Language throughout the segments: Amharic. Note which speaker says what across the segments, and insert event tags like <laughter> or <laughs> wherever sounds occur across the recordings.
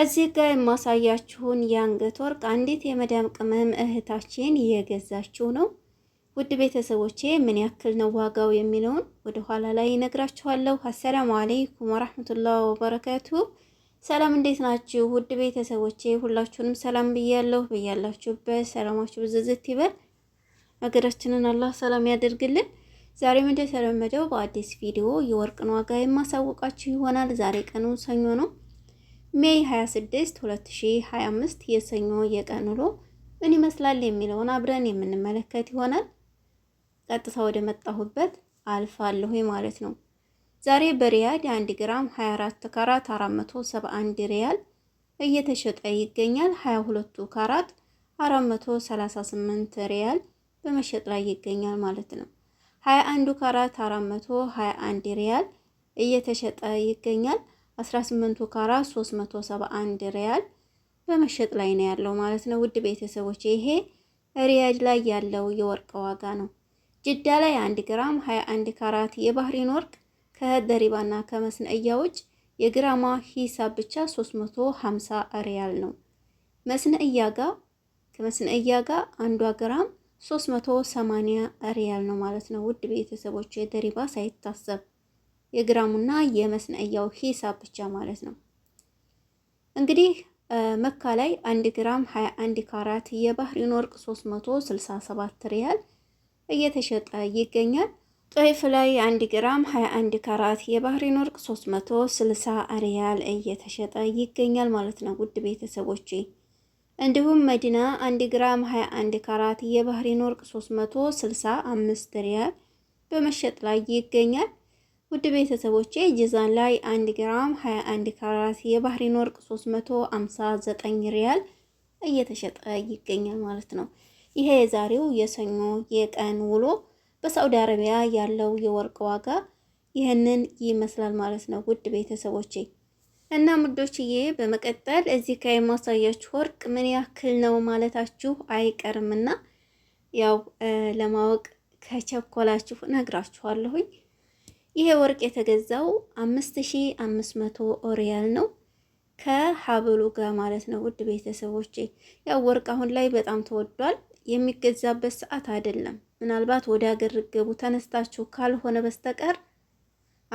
Speaker 1: እዚህ ጋር የማሳያችሁን የአንገት ወርቅ አንዲት የመዳም ቅመም እህታችን እየገዛችው ነው። ውድ ቤተሰቦቼ ምን ያክል ነው ዋጋው የሚለውን ወደ ኋላ ላይ ይነግራችኋለሁ። አሰላሙ አለይኩም ወራህመቱላህ ወበረካቱ። ሰላም እንዴት ናችሁ ውድ ቤተሰቦቼ? ሁላችሁንም ሰላም ብያለሁ። ብያላችሁበት ሰላማችሁ ብዝዝት ይበል። ሀገራችንን አላህ ሰላም ያደርግልን። ዛሬም እንደተለመደው በአዲስ ቪዲዮ የወርቅን ዋጋ የማሳወቃችሁ ይሆናል። ዛሬ ቀኑ ሰኞ ነው። ሜይ 26 2025 የሰኞ የቀን ውሎ ምን ይመስላል የሚለውን አብረን የምንመለከት ይሆናል። ቀጥታ ወደ መጣሁበት አልፋለሁ ማለት ነው። ዛሬ በሪያድ 1 ግራም 24 ካራት 471 ሪያል እየተሸጠ ይገኛል። ካራት 438 ሪያል በመሸጥ ላይ ይገኛል ማለት ነው። ካራት 421 ሪያል እየተሸጠ ይገኛል። 18 ካራ 371 ሪያል በመሸጥ ላይ ነው ያለው ማለት ነው። ውድ ቤተሰቦች ይሄ ሪያድ ላይ ያለው የወርቅ ዋጋ ነው። ጅዳ ላይ 1 ግራም 21 ካራት የባህሪን ወርቅ ከደሪባና ከመስነእያ ውጭ የግራማ ሂሳብ ብቻ 350 ሪያል ነው። መስነእያ ጋር ከመስነእያ ጋር አንዷ ግራም 380 ሪያል ነው ማለት ነው። ውድ ቤተሰቦች የደሪባ ሳይታሰብ የግራሙና የመስነያው ሂሳብ ብቻ ማለት ነው። እንግዲህ መካ ላይ 1 ግራም 21 ካራት የባህሪን ወርቅ 367 ሪያል እየተሸጠ ይገኛል። ጦይፍ ላይ 1 ግራም 21 ካራት የባህሪን ወርቅ 360 ሪያል እየተሸጠ ይገኛል ማለት ነው። ውድ ቤተሰቦቼ እንዲሁም መዲና 1 ግራም 21 ካራት የባህሪን ወርቅ 365 ሪያል በመሸጥ ላይ ይገኛል። ውድ ቤተሰቦቼ ጅዛን ላይ 1 ግራም 21 ካራት የባህሪን ወርቅ 359 ሪያል እየተሸጠ ይገኛል ማለት ነው። ይሄ የዛሬው የሰኞ የቀን ውሎ በሳውዲ አረቢያ ያለው የወርቅ ዋጋ ይህንን ይመስላል ማለት ነው። ውድ ቤተሰቦቼ እና ውዶችዬ በመቀጠል እዚህ ጋር የማሳያችሁ ወርቅ ምን ያክል ነው ማለታችሁ አይቀርምና ያው ለማወቅ ከቸኮላችሁ ነግራችኋለሁኝ። ይሄ ወርቅ የተገዛው 5500 ሺ ሪያል ነው ከሀብሉ ጋር ማለት ነው። ውድ ቤተሰቦቼ ያው ወርቅ አሁን ላይ በጣም ተወዷል። የሚገዛበት ሰዓት አይደለም። ምናልባት ወደ ሀገር ገቡ ተነስታችሁ ካልሆነ በስተቀር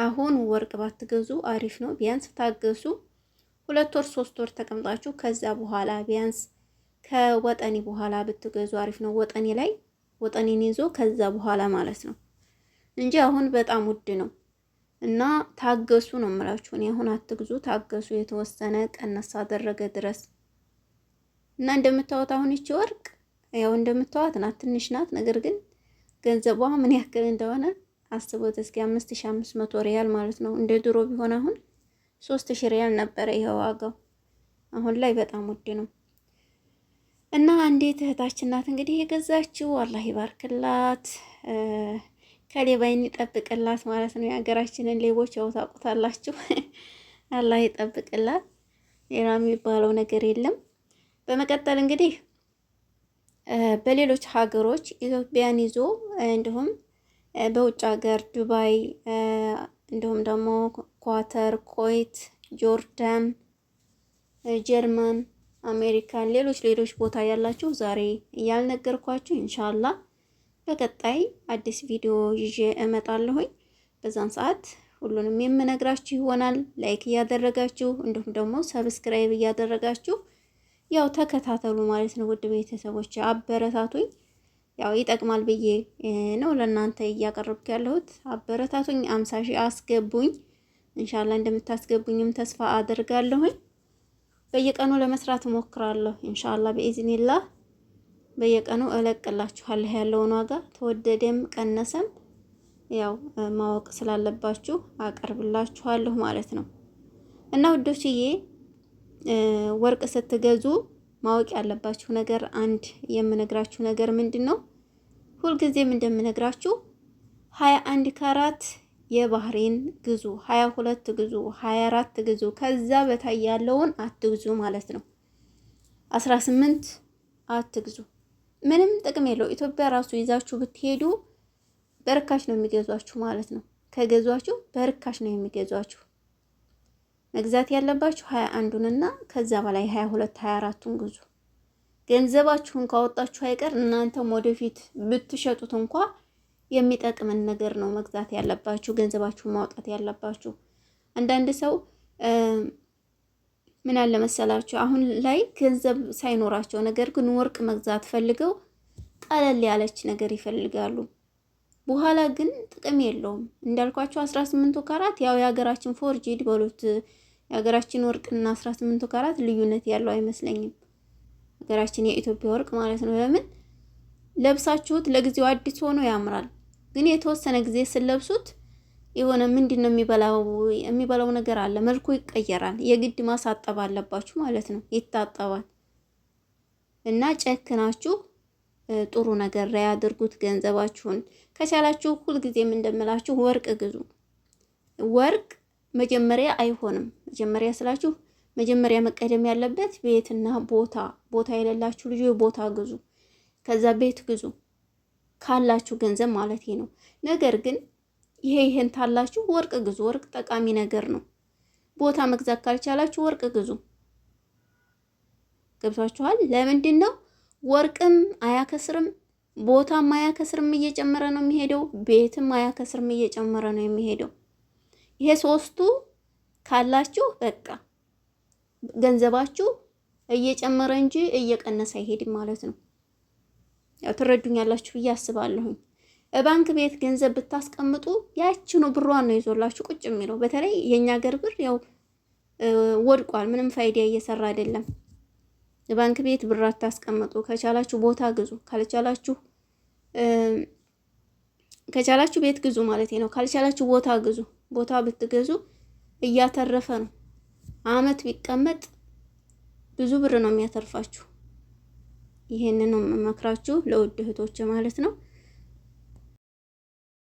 Speaker 1: አሁን ወርቅ ባትገዙ አሪፍ ነው። ቢያንስ ታገሱ። ሁለት ወር ሶስት ወር ተቀምጣችሁ ከዛ በኋላ ቢያንስ ከወጠኔ በኋላ ብትገዙ አሪፍ ነው። ወጠኔ ላይ ወጠኔን ይዞ ከዛ በኋላ ማለት ነው እንጂ አሁን በጣም ውድ ነው እና ታገሱ ነው የምላችሁ። እኔ አሁን አትግዙ፣ ታገሱ የተወሰነ ቀነስ አደረገ ድረስ እና እንደምታዩት አሁን ይቺ ወርቅ ያው እንደምታወት ናት፣ ትንሽ ናት። ነገር ግን ገንዘቧ ምን ያክል እንደሆነ አስቦት እስኪ 5500 ሪያል ማለት ነው። እንደ ድሮ ቢሆን አሁን 3000 ሪያል ነበረ ይሄ ዋጋው። አሁን ላይ በጣም ውድ ነው እና አንዴ እህታችን ናት እንግዲህ የገዛችው፣ አላህ ይባርክላት። ከሌባ ይጠብቅላት ማለት ነው። የሀገራችንን ሌቦች ያው ታውቁታላችሁ። <laughs> አላህ ይጠብቅላት። ሌላ የሚባለው ነገር የለም። በመቀጠል እንግዲህ በሌሎች ሀገሮች ኢትዮጵያን ይዞ እንዲሁም በውጭ ሀገር ዱባይ፣ እንዲሁም ደግሞ ኳተር፣ ኮይት፣ ጆርዳን፣ ጀርመን፣ አሜሪካን ሌሎች ሌሎች ቦታ ያላችሁ ዛሬ እያልነገርኳችሁ ኢንሻአላህ በቀጣይ አዲስ ቪዲዮ ይዤ እመጣለሁኝ። በዛን ሰዓት ሁሉንም የምነግራችሁ ይሆናል። ላይክ እያደረጋችሁ እንዲሁም ደግሞ ሰብስክራይብ እያደረጋችሁ ያው ተከታተሉ ማለት ነው። ውድ ቤተሰቦች አበረታቱኝ። ያው ይጠቅማል ብዬ ነው ለእናንተ እያቀረብኩ ያለሁት። አበረታቱኝ፣ አምሳ ሺህ አስገቡኝ። እንሻላ እንደምታስገቡኝም ተስፋ አደርጋለሁኝ። በየቀኑ ለመስራት እሞክራለሁ። እንሻላ በኢዝኒላህ በየቀኑ እለቅላችኋለሁ ያለውን ዋጋ ተወደደም ቀነሰም ያው ማወቅ ስላለባችሁ አቀርብላችኋለሁ ማለት ነው። እና ውዶችዬ ወርቅ ስትገዙ ማወቅ ያለባችሁ ነገር አንድ የምነግራችሁ ነገር ምንድን ነው? ሁልጊዜም እንደምነግራችሁ ሀያ አንድ ካራት የባህሬን ግዙ፣ ሀያ ሁለት ግዙ፣ ሀያ አራት ግዙ። ከዛ በታይ ያለውን አትግዙ ማለት ነው። አስራ ስምንት አትግዙ። ምንም ጥቅም የለው። ኢትዮጵያ ራሱ ይዛችሁ ብትሄዱ በርካሽ ነው የሚገዟችሁ ማለት ነው። ከገዟችሁ በርካሽ ነው የሚገዟችሁ። መግዛት ያለባችሁ ሀያ አንዱንና ከዛ በላይ ሀያ ሁለት ሀያ አራቱን ግዙ። ገንዘባችሁን ካወጣችሁ አይቀር እናንተም ወደፊት ብትሸጡት እንኳ የሚጠቅምን ነገር ነው መግዛት ያለባችሁ፣ ገንዘባችሁን ማውጣት ያለባችሁ። አንዳንድ ሰው ምን አለ መሰላችሁ አሁን ላይ ገንዘብ ሳይኖራቸው ነገር ግን ወርቅ መግዛት ፈልገው ቀለል ያለች ነገር ይፈልጋሉ። በኋላ ግን ጥቅም የለውም። እንዳልኳቸው 18 ካራት ያው የሀገራችን ፎርጂድ በሉት የሀገራችን ወርቅና 18 ካራት ልዩነት ያለው አይመስለኝም። ሀገራችን የኢትዮጵያ ወርቅ ማለት ነው። ለምን ለብሳችሁት ለጊዜው አዲስ ሆኖ ያምራል፣ ግን የተወሰነ ጊዜ ስለብሱት የሆነ ምንድን ነው የሚበላው የሚበላው ነገር አለ፣ መልኩ ይቀየራል። የግድ ማሳጠብ አለባችሁ ማለት ነው። ይታጠባል እና ጨክናችሁ ጥሩ ነገር ላይ አድርጉት ገንዘባችሁን። ከቻላችሁ ሁልጊዜም እንደምላችሁ ወርቅ ግዙ። ወርቅ መጀመሪያ አይሆንም። መጀመሪያ ስላችሁ መጀመሪያ መቀደም ያለበት ቤትና ቦታ። ቦታ የሌላችሁ ልጆች ቦታ ግዙ፣ ከዛ ቤት ግዙ ካላችሁ ገንዘብ ማለት ነው። ነገር ግን ይሄ ይሄን ታላችሁ ወርቅ ግዙ። ወርቅ ጠቃሚ ነገር ነው። ቦታ መግዛት ካልቻላችሁ ወርቅ ግዙ። ገብቷችኋል? ለምንድን ነው ወርቅም አያከስርም፣ ቦታም አያከስርም፣ እየጨመረ ነው የሚሄደው። ቤትም አያከስርም፣ እየጨመረ ነው የሚሄደው። ይሄ ሶስቱ ካላችሁ በቃ ገንዘባችሁ እየጨመረ እንጂ እየቀነሰ አይሄድም ማለት ነው። ያው ትረዱኛላችሁ ብዬ አስባለሁኝ። ባንክ ቤት ገንዘብ ብታስቀምጡ ያችኑ ብሯን ነው ይዞላችሁ ቁጭ የሚለው። በተለይ የእኛ ገር ብር ያው ወድቋል፣ ምንም ፋይዳ እየሰራ አይደለም። ባንክ ቤት ብር አታስቀምጡ። ከቻላችሁ ቦታ ግዙ፣ ካልቻላችሁ ከቻላችሁ ቤት ግዙ ማለት ነው። ካልቻላችሁ ቦታ ግዙ። ቦታ ብትገዙ እያተረፈ ነው። አመት ቢቀመጥ ብዙ ብር ነው የሚያተርፋችሁ። ይሄንን ነው ለውድ እህቶች ማለት ነው።